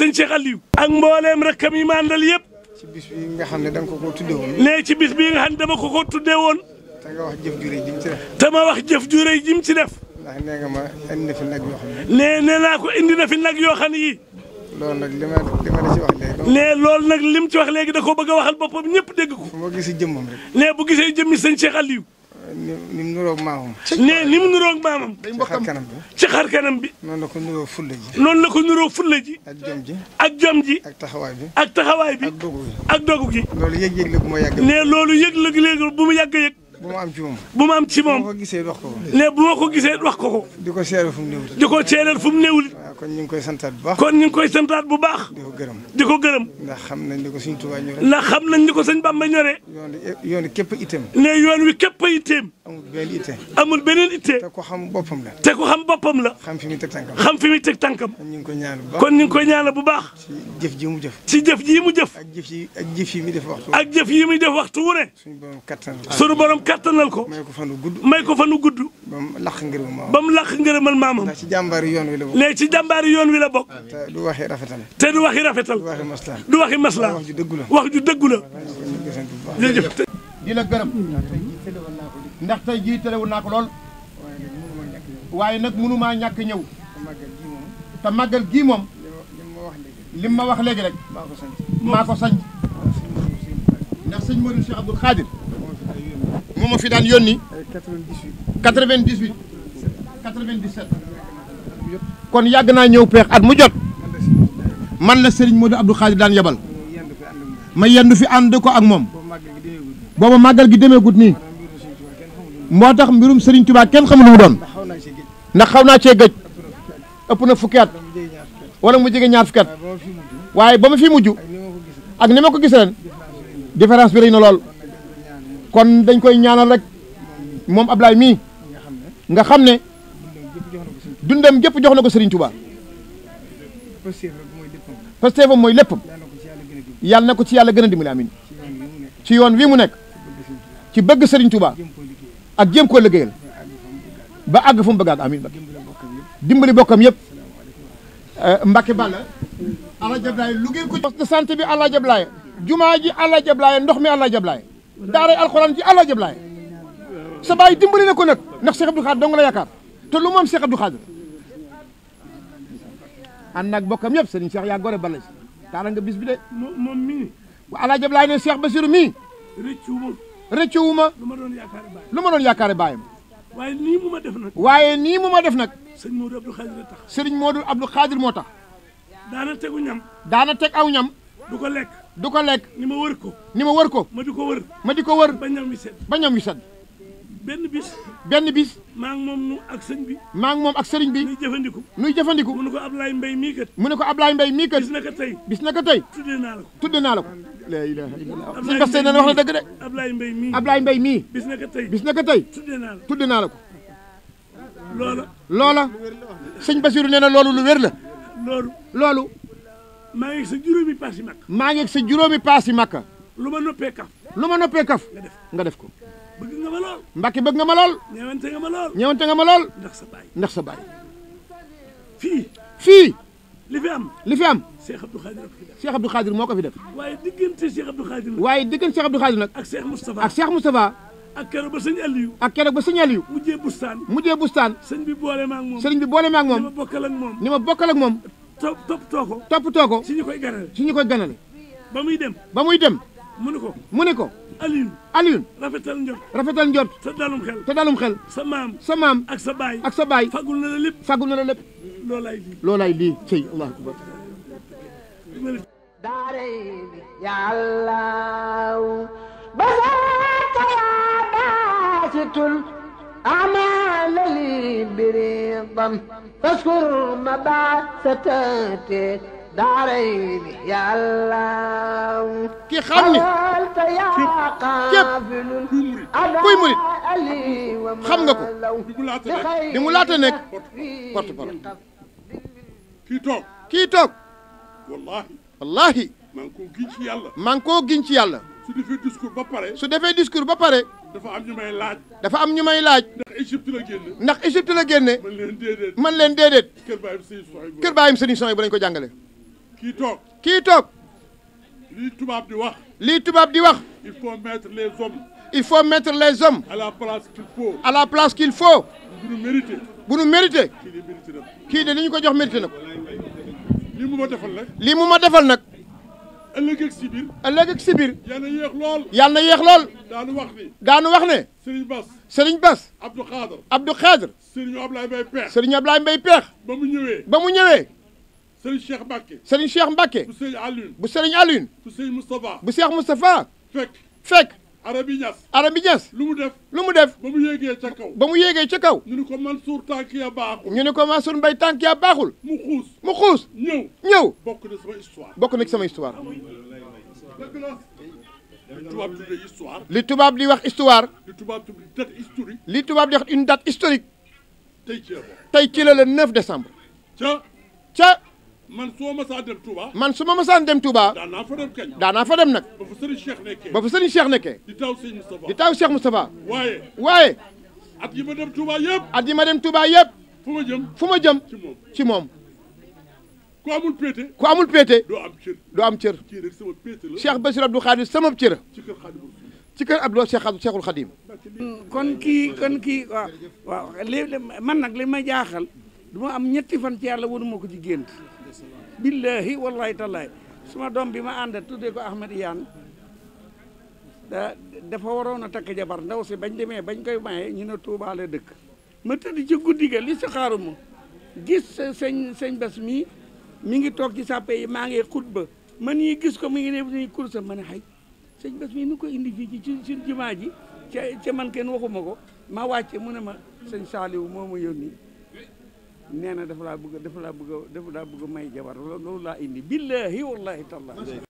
sëñ Cheikh Aliou ak mbooleem rakkam yi ma àndal yëpp. ci bis bi nga xam ne dama ko ko tuddee woon. nee ci bis bi nga xam ne ko ko tuddee woon. te nga wax jëf jure ji mu def. ji mu ci def. ndax nee nga ma indi na fi nag yoo xam ne. nee naa ko indi na fi nag yoo xam ne yii. loolu nag li ma li ma nee loolu nag lim ci wax léegi da koo ba a waxal boppam ñëpp dégg ko. fu ma gisee jëmmam rek. nee bu gisee jëmmi sëñ Cheikh Aliou. ni mu nuroog maamam. ne ni mu nuroog maamam. ci xar kanam bi ci xar kanam bi. noonu la ko nuroo fulla ji. noonu la ko nuroo fulla ji. ak jom ji ak jom ji. ak taxawaay bi ak taxawaay bi. ak dogu gi ak dogu gi. loolu yëg-yëg la bu ma yàgg a. ne loolu yëg-yëg léegi bu mu yàgg a yëg. bu ma am ci moom bu ma am ci moom. bu ma ko gisee wax ko ko. ne bu ma ko gisee wax ko ko. di ko seeral fu mu néewul. di ko seeral fu mu néewul. kon ñu ngi koy santaat bu baax kon ñu ngi koy santaat bu baax. di gërëm di ko gërëm. ndax xam nañ ni ko sëñ Tuubaa ñoree. ndax xam nañ ni ko sëñ Bàmba ñoree. yoon wi képp itteem. ne yoon wi képp itteem. amul benn itte. amul beneen itte. te ko xam boppam la. te ko xam boppam la. xam fi muy teg tànkam. xam fi muy teg tànkam. ñu ngi koy ñaanal bu baax kon ñu ngi koy ñaanal bu baax. ci jëf ji mu jëf. ci jëf ji mu jëf. ak jëf yi ak jëf yi muy def waxtu. ak jëf yi muy def waxtu wu ne. suñu borom kattanal ko. suñu borom kattanal may ko fanu gudd. may ko fanu gudd. ba mu làq ngërëmal maamam. ba mu làq ngërëmal maamam. ndax ci jàmbaari yoon wi la bokk. léegi ci yoon wi la bokk. te du waxi rafetal. te du waxi rafetal. du waxi masla. wax ju dëgg la. wax ju dëgg la. jërëjëf di la gërëm ndax tey jii terewul naa ko lool waaye nag mënumaa ñàkk ñëw te màggal gi moom lim ma wax léegi rek maa ko sañ ndax sëñ Modou Cheikh Abdoul Khadir moom ma fi daan yónni kon yàgg naa ñëw peex at mu jot man la Serigne Modou Abdoul Khadir daan yebal ma yendu fi ànd ko ak moom booba màggal gi demeegut nii moo tax mbirum Serigne Touba kenn xamul lu mu doon ndax xaw naa cee gëj ëpp na fukki at wala mu jege ñaar fukki at waaye ba ma fi mujj ak ni ma ko gis ren différence bi rëy na lool kon dañ koy ñaanal rek moom ab Ablaye mii nga xam ne dundam gépp jox na ko Serigne Touba Pastef am mooy lépp yàlla na ko ci yàlla gën a dimbali amin ci yoon wii mu nekk ci bëgg sëriñ Touba. ak jéem koo liggéeyal ba àgg fu mu bëgg amiin Mbacke dimbali bokkam yépp eh, Mbacke Balla ala jablaay lu ngeen bi ala jablaay jumaa ji ala jablaay ndox mi ala jablaay daaray alxuraan ji ala jablaay sa baay dimbali na ko nag ndax Cheikh Abdou Khadre dong la yaakaar te lu moom Cheikh Abdou Khadre ànd ak bokkam yëpp sëriñ Cheikh yaa gore Balla si taala nga bis bi de moom mii wa ala jablaay mii rëccewu ma lu ma doon yaakaare baayam lu ma doon yaakaare baayam waaye nii mu ma def nag waaye nii mu ma def nag sëriñ Modou Abdou Khadir tax sëriñ Modou Abdou Khadir moo tax daana tegu ñam daana teg aw ñam du ko lekk du ko lekk ni ma wër ko ni ma wër ko ma di ko wër ma di ko wër ba ñam wi sedd ba ñam wi sedd benn bis benn bis maa ngi moom nu ak sëñ bi maa ngi moom ak sëriñ bi nuy jëfandiku nuy jëfandiku mu ne ko Ablaye Mbaye mii kat mu ne ko Ablaye Mbaye mii kat bis na ko tey bis na ko tey tudde naa la ko tudde naa la ko la ilaha illallah suñu daf Ablaye Mbaye mii Ablaye Mbaye mii bis naka tey bis naka tey tuddee Lolo. la ko tuddee naa lu wér la loolu loolu maa sa juróomi paas yi makka sa juróomi paas yi makka lu kaf kaf nga def ko nga ma nga ma nga ma nga ma ndax sa ndax sa li fi am li fi am. Cheikh Abdou Khadir moo ko fi def. Cheikh Abdou Khadir moo ko fi def. waaye diggante Cheikh Abdou Khadir nag. waaye diggante Cheikh Abdou Khadir nag. ak Cheikh Moustapha ak Cheikh Moustapha. ak keroog ba sëñ Aliou. ak keroog ba sëñ Aliou. mujjee bustaan mujjee bustaan. sëñ bi boole ma ak moom sëñ bi boole ma ak moom. ni ma bokkal ak moom ni ma bokkal ak moom. topp toppatoo ko. toppatoo ko si ñu koy ganale. si ñu koy ganale. ba muy dem ba muy dem. mu ne ko mu ne ko. Alioune Alioune. rafetal njot rafetal njot. te dalum xel te dalum xel. sa maam sa maam. ak sa baay ak sa baay. fagul na la lépp fagul na la lépp loolaay lii loolaay lii cëy allahu akbar daare bi yàllaw basarta yaa baasitul amaala li biridam faskur ma baasataate daare bi yàllaw ki xam ni képp kuy murit xam nga ko di mu laata nekk porte-parole Kitok, Kitok. Wallahi, Wallahi. Manko wallaahi. maa ngi koo giñ ci yàlla. maa ngi koo ci yàlla. su defee discours ba pare. su defee discours ba pare. dafa am ñu may laaj. dafa am ñu may laaj. ndax Égypte la génne. ndax Égypte la génne. man len déedéet. man len déedéet. kër baayam sëñ Soxaybu. kër lañ ko jàngalé. kii toog. kii toog. di wax. Li tubab di wax. il faut mettre les hommes. il faut mettre les hommes. à la place qu'il faut. à la place qu'il faut. bu nous mérité. bu nous mérité. kii de li ñu ko jox mérité lii mu ma defal nag. lii mu ma defal nag. ëllëg ak si biir. ëllëg ak si biir. yal na yéex lool. daanu wax ne. daanu wax ne. Serigne Bass. Serigne Bass. Abdou Khadr. Abdou seriñ Serigne Ablaye Mbaye Peex. Serigne Ablaye Mbaye ba mu ñëwee. ba mu ñëwee. Serigne Cheikh Mbacke. Serigne Cheikh Mbacke. bu Serigne Alioune. bu Serigne Alioune. bu Serigne Moustapha. bu seex Moustapha. fekk fekk. Arabi Niass Arabi Niass lu mu def lu mu def ba mu yéegee ca kaw ba mu yéegee ca kaw ñu ne ko Mansour tànk ya ñu ne ko Mansour Mbaye tànk baaxul mu xuus mu xuus ñëw ñëw bokk sama histoire bokk na ci sama histoire dëgg li tubaab di wax histoire li tubaab di date historique li tubaab une date historique tey ci la le 9 décembre ca ca man soo masaan dem Touba. man su ma masaan dem Touba. daanaa fa dem daanaa fa dem nag. ba fa Serigne Cheikh nekkee. ba fa Serigne Cheikh nekkee. di taw Serigne Moustapha. waaye. waaye. at yi ma dem Touba yëpp. at yi ma dem Touba yëpp. ma jëm. fu ma jëm ci moom ci amul péete. ku amul péete. doo am cër doo am cër. kii rek sama péete la. Cheikh Bassirou Abdou sama cër. ci kër Khadim. ci kër Khadim. kon kii kon kii waaw waaw man nag li ma jaaxal du ma am ñetti fan ci yàlla wanu ma ko ci gént billaahi wallahi tallaay suma doom bi ma ànda tuddee ko Ahmed Iyane da dafa waroon a takk jabar ndaw si bañ demee bañ koy maye ñu ne Touba la dëkk ma tëdd ci guddi ga li si xaaruma gis sëñ sëñ bas mii mi ngi toog ci sàppe yi maa ngi xutba man yi gis ko mu ngi def ni kursa ma ne xay sëñ bas mii nu ko indi fii ci suñ jumaa ji ca ca man kenn waxuma ko ma wàcce mu ne ma sëñ Saaliw moo ma yónni nee na dafa laa bëgg dafa laa bëgg dafa laa bëgg may jabar loolu laa indi billahi wallahi taala